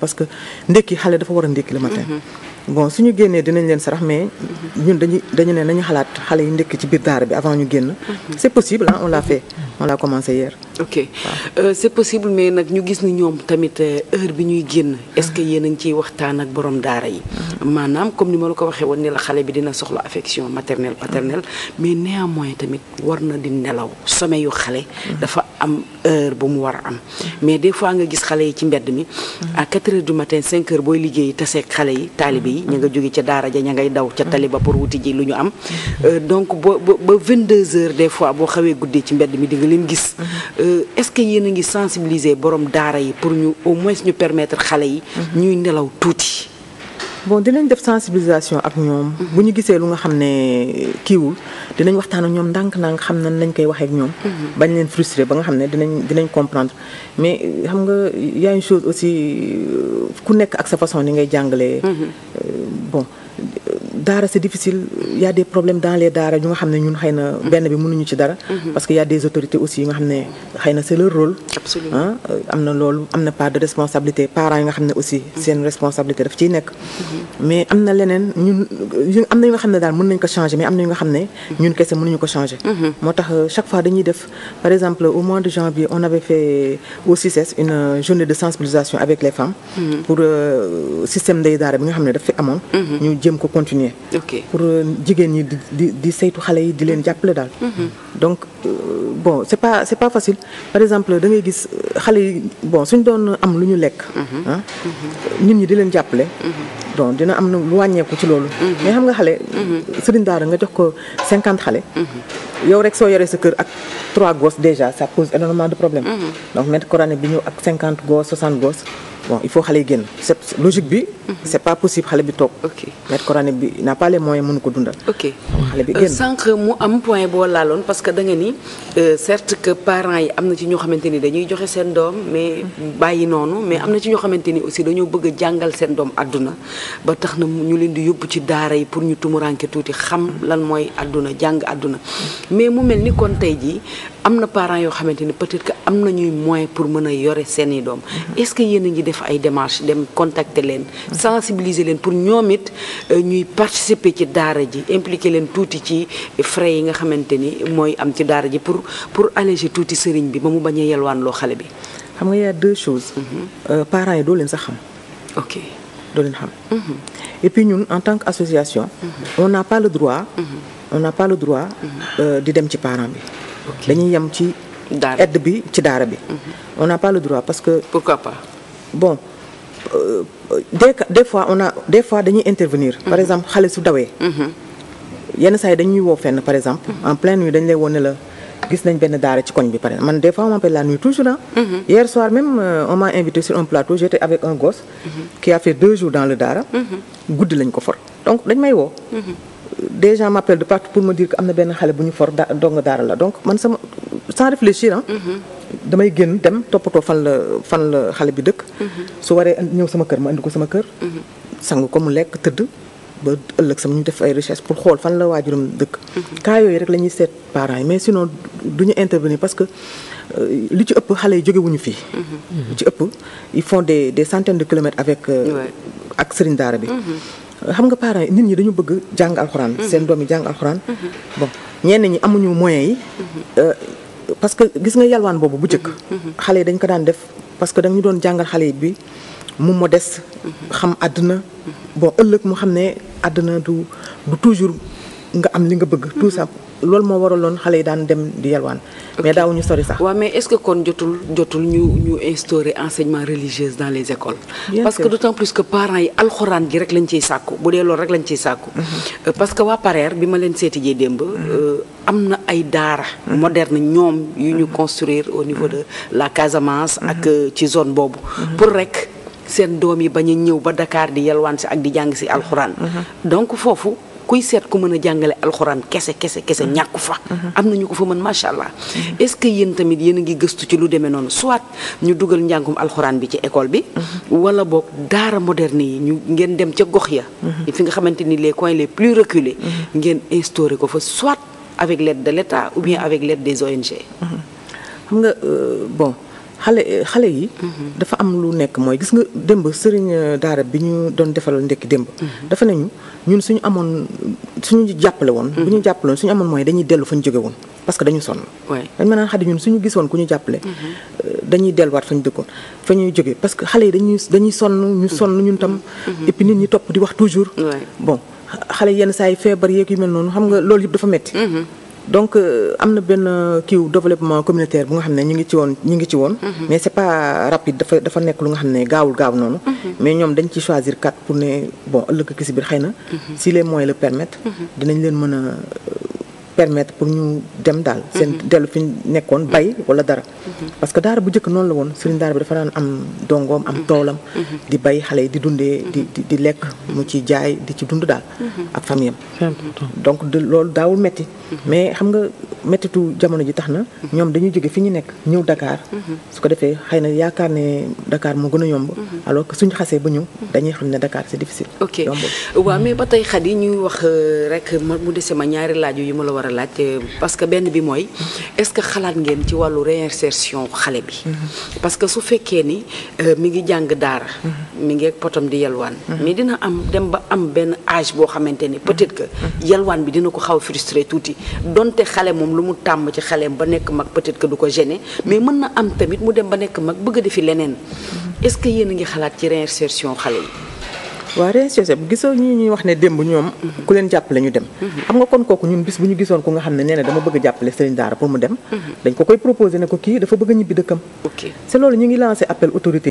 parce que ndekki xale dafa war a ndekki le matin. Mm-hmm. bon suñu génnee dinañ leen sarax mais ñun dañu dañu ne nañu xalaat xale yi nekk ci biir daara bi avant ñu génn mhm. c'est possible hein, on l'a fait on l'a commencé hier ok euh, c'est possible mais nag ñu gis ni ñoom tamit euh, heure bi ñuy génn est-ce que mhm. yéen a ngi ciy waxtaan ak borom daara yi mhm. maanaam comme ni ma la ko waxee woon ne la xale bi dina soxla affection maternelle paternelle mais néanmoins tamit war na di nelaw some yu xale dafa am heure bu mu war a am mais des fois nga gis xale yi ci mbedd mi à 4 heures du matin booy liggéey taseeg xale yi taalibe yi ña nga jóge ca daara ja ña ngay daw ca tali ba pour wuti ji lu ñu am euh, donc ba ba vingt deux heures des fois boo xawee guddee ci mbedd mi di leen gis euh, est-ce que yéen a ngi sensibiliser borom daara yi pour ñu au moins ñu permettre xale yi mm-hmm. ñuy nelaw tuuti bon dinañ def sensibilisation ak ñoom. Mhm. bu ñu gisee lu nga xam ne eh, kiiwul dinañ waxtaan ak ñoom ndànk-ndànk xam na lañ koy waxee ñoom. Mhm. bañ leen frustré ba nga xam ne dinañ dinañ comprendre mais eh, xam nga y a une chose aussi eh, ku nekk ak sa façon ni ngay jàngalee. Mhm. bon daara c'est difficile il y a des problèmes dans les daara ñu nga xam ne ñun xëy benn bi mënuñu ci dara. Mhm. parce que y a aussi yu nga xam ne xëy na c'est leur rôle. Ah, euh, am na loolu am na part de responsabilité parents yi nga xam ne aussi. Mhm. seen responsabilité daf ciy nekk. Mhm. mais am na leneen ñun am na yu nga xam ne daal mun nañ ko changer mais am na yu nga xam ne. ñun kese mënuñu ko changer. moo tax euh, chaque fois dañuy def par exemple au mois de janvier on avait fait au CICES une euh, de sensibilisation avec les femmes. pour système ndey daara bi nga xam ne daf fi amoon. continuer pour euh, jigéen ñi di di saytu xale yi di leen jàppale daal mhm. donc euh, bon c'est pas c'est pas facile par exemple da ngay gis euh, xale yi bon suñ doon am lu ñu lekk mhm. ah mhm. nit ñi di leen jàppale donc dina am na lu wàññeeku ci loolu mais xam nga xale sëriñ daara nga jox ko cinquante xale yow rek soo yoree sa kër ak trois gosses déjà ça pose énormément de problème donc maître coranique bi ñëw ak cinquante gosses soixante gosses bon il faut xale yi génn c'est logique bi. Mhm. c'est pas possible xale bi toog. ok maître coranique bi n'a pas les mënu ko dundal. ok xale euh, mu am point boo laaloon parce que da ni euh, certes que parents yi am na ci ñoo xamante ni dañuy joxe seen doom mais bàyyi noonu mais am na ci ñoo xamante ni aussi dañoo bëgg a jàngal seen doom àdduna ba tax na ñu leen di yóbbu ci daara yi pour ñu tumuranke tuuti xam lan mooy àdduna jàng àdduna mhm. mais mu mel ni kon tey jii. am na parents yoo xamante ni peut-être que am nañuy moyen pour mën a yore seeni doom est-ce que yéen a ngi def ay démarches dem contacter leen sensibiliser leen pour ñoom it euh, ñuy participer ci daara ji impliquer leen tuuti ci frais yi nga xamante ni mooy am ci daara ji pour pour alléger tuuti sëriñ bi ba mu bañ a yelwaan loo xale bi xam nga y a deux choses mm-hmm. euh, parents yi doo leen sax xam ok doo leen xam mm-hmm. et puis ñun en tant que association mm-hmm. on n'a pas le droit on n'a pas le droit euh, di dem ci parent bi dañuy yem ci. daara bi ci daara bi. Mhm. on n'a pas le droit parce que. pourquoi pas. bon euh, des des fois on a des fois dañuy intervenir. Mhm. par exemple xale su dawee. Mhm. yenn saa yi dañuy woo fen par exemple. en pleine nuit dañ lay wone la. gis nañ benn daara ci koñ bi pare man des fois on m'appelle la nuit toujours ah. Mm -hmm. hier soir même euh, on m'a invité sur un plateau j'étais avec un gosse. qui a fait deux jours dans le daara. guddi lañ ko for donc dañ may woo. des gens m'appellent de partout pour me dire que am na benn xale bu ñu for da la donc man sama sans réfléchir ah. damay génn dem toppatoo fan la fan xale bi dëkk. Mm-hmm. su waree ñëw sama kër ma indi ko sama kër. Mm-hmm. sang ko mu lekk tëdd ba ëllëg sama ñu def ay recherche pour xool fan la waajuram dëkk. cas yooyu rek la ñuy seet parents yi mais sinon du ñu intervenir parce que euh, li ci ëpp xale yi jógewuñu fii. li ci ëpp ils font des centaines de kilomètres avec. Euh, ak sëriñ daara bi. xam nga parents nit ñi dañu bëgg jàng alxuraan. Mm-hmm. seen doom yi jàng alxuraan. Mm-hmm. bon ñenn ñi amuñu moyens yi. Mm-hmm. Euh, parce que gis nga yalwaan boobu bu njëkk. xale yi dañ ko daan def parce que dañu doon jàngal xale yi bi mu modeste. xam àdduna bo ëllëg mu xam ne àdduna du toujours. nga am li nga bëgg tout ça loolu moo waraloon xale yi daan dem di yalwaan mais daawuñu sori sax waaw mais est-ce que kon jotul jotul ñu ñu instaurer enseignement religieux dans les écoles parce que d'autant plus que parents yi alxuraan gi rek lañ ciy sàkku bu dee loolu rek lañ ciy sàkku mhm. euh, parce que waa pareer bi ma leen seeti jee démb mhm. euh, am na ay daara mhm. moderne ñoom yu ñu construire au niveau de la Casamance ak euh, ci zone boobu pour rek seen doom yi bañ a ñëw ba Dakar di yalwaan si ak di jàng si alxuraan kuy seet ku mën a jàngale alxuraan kese kese kese mm-hmm. ñàkku fa. Mm-hmm. am na ñu ko fa mën macha allah. Mm-hmm. est-ce que yéen tamit yéen a ngi gëstu ci lu demee noonu soit ñu dugal njàngum alxuraan bi ci école bi. wala boog daara moderne yi ñu ngeen dem ca gox ya. fi nga xamante ni le coins le plus reculés. ngeen instauré ko fa soit avec l'aide de l'État ou bien avec l'aide des ONG. xam nga euh, bon. xale xale yi. Mhm. dafa am lu nekk mooy gis nga démb sëriñ euh, daara bi ñu doon defal ndekki démb. Mhm. dafa nañu ñun suñu amoon suñu jàppale woon. bu ñu mhm. jàppale woon suñu amoon mooy dañuy dellu fa ñu jóge woon parce que dañu sonn. waay dañ mën naan xadi suñu gisoon ku ñu jàppale. Euh, dañuy delluwaat fa ñu dëkkoon fa ñuy jóge parce que xale yi dañuy dañuy sonn ñu sonn ñun tam. et nit ñi topp di wax toujours. bon xale yenn saa yi feebar yeeg yi mel noonu xam nga loolu yëpp dafa metti donc euh, am na benn kiiw développement communautaire bu nga xam ne ñu ngi ci woon ñu ngi ci woon. Mhm. mais c'est pas rapide dafa dafa nekk lu nga xam ne gaawul gaaw noonu. Mhm. mais ñoom dañ ci choisir quatre pour ne bon ëllëg ki si biir xëy na. Mhm. si les moyens le permettent. dinañ leen mën permettre pour ñu dem daal. seen mhm. dellu fi ñu nekkoon bay mhm. wala dara. Mhm. parce que daara bu njëkk noonu la woon sëriñ daara bi dafa daan am dongoom am toolam. di bay xale yi di dundee di di di lekk mu ci jaay di ci dund daal. ak famille am donc de loolu daawul metti mais xam nga mettitu jamono ji tax na. ñoom dañuy jóge fi ñu nekk ñëw Dakar. su ko defee xëy na yaakaar ne Dakar moo gën a yomb. alors que suñu xasee ba ñëw dañuy xam ne Dakar c'est difficile. ok waaw mais ba tey a laaj parce que benn bi mooy est-ce que xalaat ngeen ci wàllu réinsertion xale bi. Mm-hmm. parce que su fekkee ni euh, mi ngi jàng daara. Mm-hmm. mi ngi ak potam di yalwaan. Mm-hmm. mais dina am dem ba am benn age boo xamante ni peut-être que. yalwaan bi dina ko xaw a tuuti donte xale moom lu mu tàmm ci xaleem ba nekk mag peut-être que du ko gêner mais mën na am tamit mu dem ba nekk mag bëgg a defi leneen est-ce que yéen a ngi xalaat ci réinsertion xale yi. waaw réinsertion bu gisoo ñi ñuy wax ne démb ñoom ku leen jàppale ñu dem xam nga kon kooku ñun bis bu ñu gisoon ko nga xam ne nee dama bëgg jàppale sëriñ pour mu dem dañ ko koy proposé ne ko kii dafa bëgg ñibbi dëkkam c'est loolu ñu ngi lancé appel autorité